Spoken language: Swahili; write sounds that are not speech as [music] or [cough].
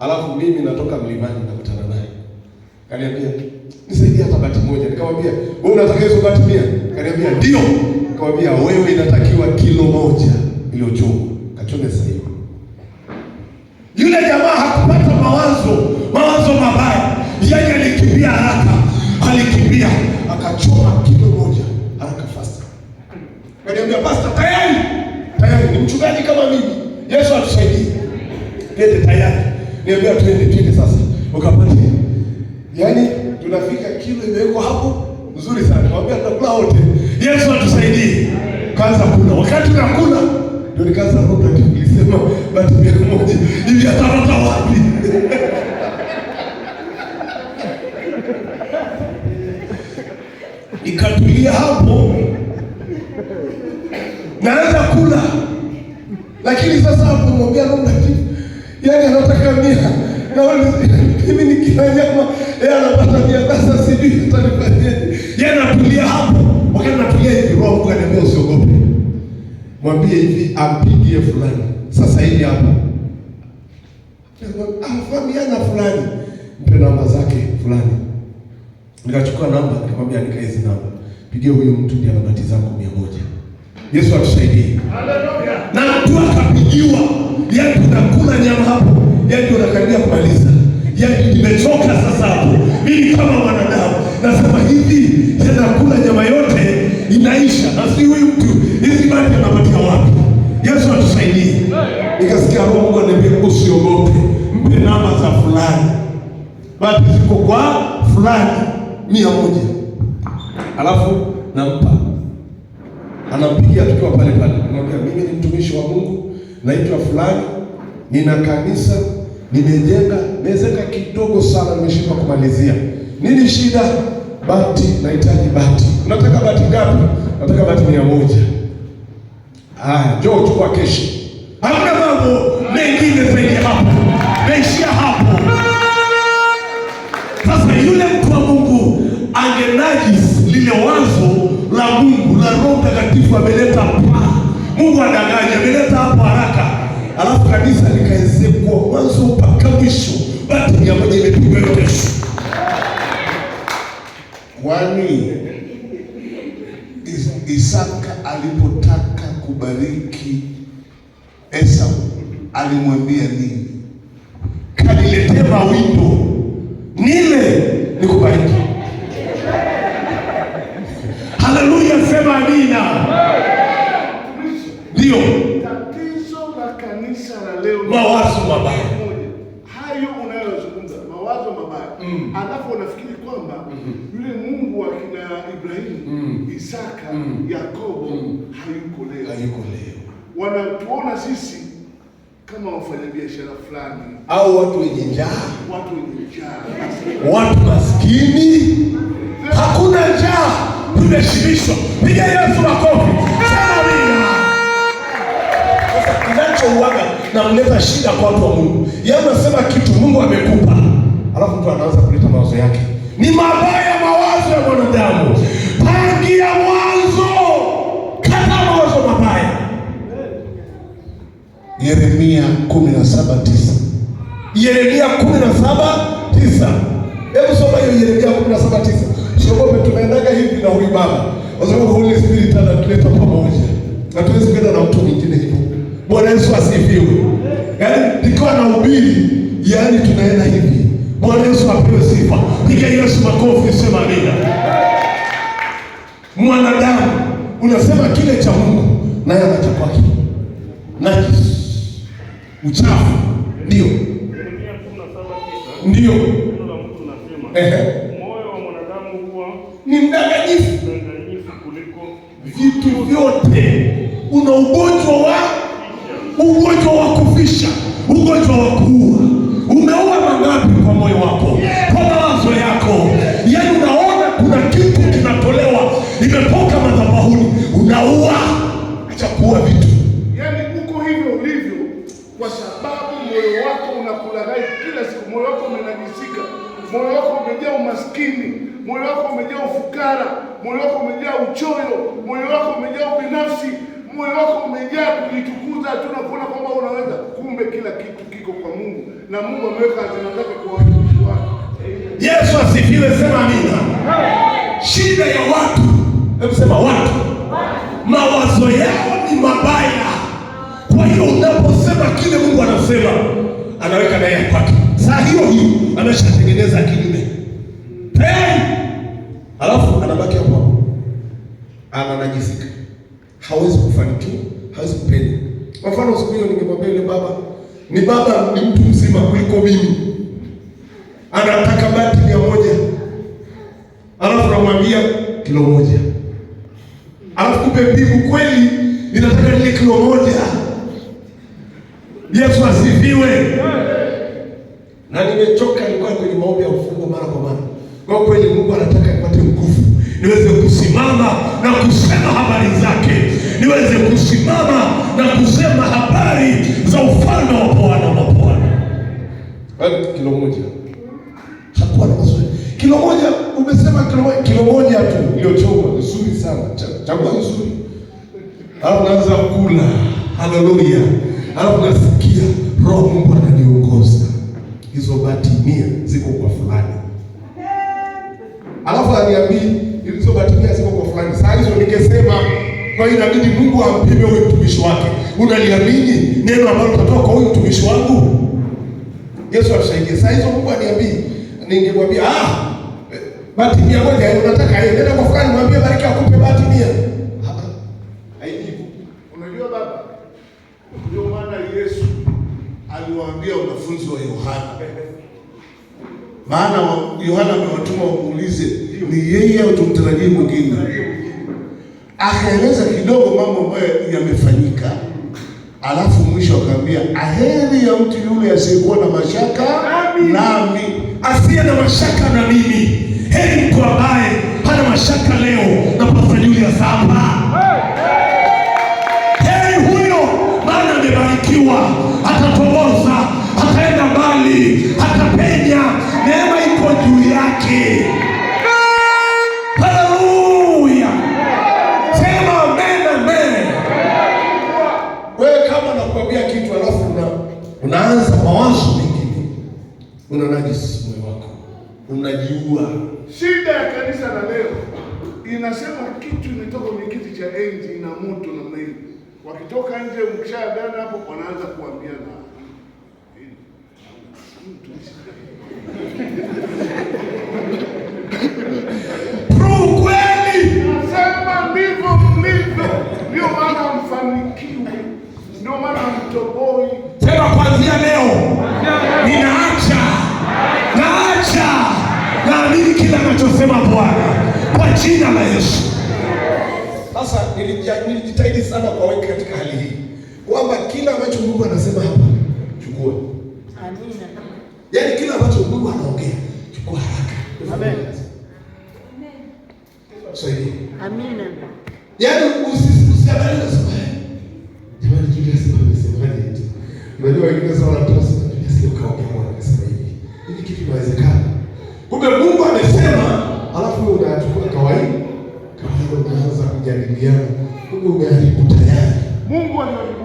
Alafu mimi natoka mlimani nakutana naye. Kaniambia, "Nisaidie hata bati moja." Nikamwambia, "Wewe unataka hizo bati mia?" Kaniambia, "Ndio." Nikamwambia, "Wewe inatakiwa kilo moja iliyochongwa." Kachome sasa hivi. Yule jamaa hakupata mawazo, mawazo mabaya. Yeye alikimbia haraka. Alikimbia akachoma kilo moja haraka fast. Kaniambia, "Pastor, tayari." Tayari ni mchungaji kama mimi. Yesu atusaidie. Nende tayari niambia twende twende sasa ukapate. Yaani tunafika kilo imewekwa hapo nzuri sana, naambia tutakula wote. Yesu atusaidie. Kaanza kula, wakati tunakula ndio nikaanza kula tu nilisema basi mia moja hivi atapata wapi? [laughs] Ikatulia hapo naanza kula, lakini sasa hapo mwambia Roho Mtakatifu yani anataka mia na mimi nikila nyama yeye anapata mia. Sasa sijui atanifanyaje? Yaani yeye anatulia hapo, wakati anatulia hivi, roho Mungu ananiambia usiogope, mwambie hivi ampigie fulani sasa hivi hapo, afahamiana fulani, mpe namba zake fulani. Nikachukua namba, nikamwambia andika hizi namba, pigie huyo mtu ndiye anabatiza mia moja Yesu atusaidie. Na mtu akapigiwa yati, tunakula nyama hapo, yati unakaribia kumaliza, yati nimechoka sasa. Hapo mimi kama mwanadamu nasema hivi tena, kula nyama yote inaisha, na si huyu mtu hizi mali anapatia wapi? Yesu atusaidie. Nikasikia Roho Mungu ananiambia usiogope, mpe namba za fulani, basi ziko kwa fulani mia moja, alafu nampa tunampigia tukiwa pale pale, tunamwambia mimi ni mtumishi wa Mungu, naitwa fulani, nina kanisa nimejenga, nimezeka kidogo sana, nimeshindwa kumalizia. Nini shida? Bati, nahitaji bati. Unataka bati ngapi? Nataka bati mia moja. Haya, njoo chukua keshi. Hamna mambo mengine zaidi ya hapo, naishia hapo. Sasa yule mtu wa Mungu angenajisi lile wazo la Mungu kuna Roho Mtakatifu ameleta hapa. Mungu anadanganya, ameleta hapo haraka, alafu kanisa likaezekwa mwanzo mpaka mwisho, bati mia moja imepigwa kesho. Kwani Isaka alipotaka kubariki Esau alimwambia nini? Kaniletea mawindo nile nikubariki sema amina. Ndio tatizo la kanisa la leo, mawazo mabaya hayo unayozungumza, mawazo mabaya mm. Alafu unafikiri kwamba mm-hmm. yule mm -hmm. Mungu wa kina Ibrahimu mm. Isaka mm. Yakobo mm. hayuko leo, hayuko leo. Wanatuona sisi kama wafanyabiashara fulani au watu wenye njaa, watu wenye njaa, watu maskini, hakuna njaa tunaheshimishwa. Piga Yesu makofi. Anachouaga na kuleta shida kwa watu wa Mungu, yeye anasema kitu Mungu amekupa, alafu mtu anaanza kuleta mawazo yake. Ni mabaya mawazo ya mwanadamu, tangia mwanzo kata mawazo mabaya. Yeremia 17:9 Yeremia 17:9 Baba, kwa sababu Holy Spirit anatuleta pamoja, hatuwezi kwenda na mtu mwingine hivyo. Bwana Yesu asifiwe. Yaani nikiwa na ubiri, yaani tunaenda hivi. Bwana Yesu apewe sifa. Piga Yesu makofi, sema amina. Mwanadamu unasema kile cha Mungu naye anacha kwake, najisi uchafu, ndio ndio, ehe ni mdanganyifu kuliko vitu vyote. Una ugonjwa wa ugonjwa wa kufisha, ugonjwa wa kuua. Umeua mangapi kwa moyo wako, kwa mawazo yako? Yani moyo wako umejaa kujitukuza tu na kuona kwamba unaweza. Kumbe kila kitu kiko kwa Mungu na Mungu ameweka hazina zake kwa watumishi wake. Yesu asifiwe, sema amina. Shida ya watu, hebu sema watu, mawazo yao ni mabaya. Kwa hiyo unaposema kile Mungu anasema, anaweka naye kwake, saa hiyo hiyo, ameshatengeneza kinyume, alafu anabaki hapo. hawezi simpende. Kwa mfano siku hiyo ningemwambia yule baba, ni baba ni mtu mzima kuliko mimi. Anataka bati mia moja. Alafu namwambia kilo moja. Alafu kupe mbivu kweli ninataka nile kilo moja. Yesu asifiwe. Na nimechoka, nilikuwa kwenye maombi ya ufungo mara kwa mara. Kwa kweli Mungu anataka nipate nguvu niweze kusimama na kusema habari zake niweze kusimama na kusema habari za ufalme wa Bwana wa Bwana. Kilo moja chakuwa na kilo moja umesema, kilo moja tu iliyochoma nzuri sana, chakula nzuri, alafu naanza kula. Haleluya! alafu nasikia Roho Mungu ananiongoza, hizo bati mia ziko kwa fulani, alafu aniambia Kwa hiyo inabidi Mungu ampime huyu mtumishi wake. Unaliamini neno ambalo utatoa kwa huyu mtumishi wangu? Yesu atusaidie. Saa hizo Mungu aniambie, ningemwambia ah, bati mia moja unataka yeye. Nenda kwa fulani mwambie bariki akupe bati mia. Unajua baba? Ndio maana Yesu aliwaambia wanafunzi wa Yohana. Maana Yohana amewatuma waulize ni yeye au tumtarajie mwingine? akaeleza kidogo mambo ambayo yamefanyika, alafu mwisho akaambia, aheri ya mtu yule asiyekuwa na mashaka nami, asiye na mashaka na mimi. Tutaiua. Shida ya kanisa la leo inasema kitu imetoka kwenye kiti cha enzi, na moto na hii. Wakitoka nje, mkishaagana hapo, wanaanza na ya nilijitahidi sana kuwaweka katika hali hii kwamba kila ambacho Mungu anasema hapa chukua. Amina. Yaani kila ambacho Mungu anaongea chukua haraka. Amen. Sahihi. Amina. Yaani usisikubali kusema. Eh, jamani Julius amesemaje tu? Unajua wengine sana wanatosa Julius leo kaongea mwana anasema hivi. Hivi kitu kinawezekana. Kumbe Mungu amesema alafu wewe unachukua kawaida. Kawaida unaanza kujadiliana. Mungu aliharibu tayari Mungu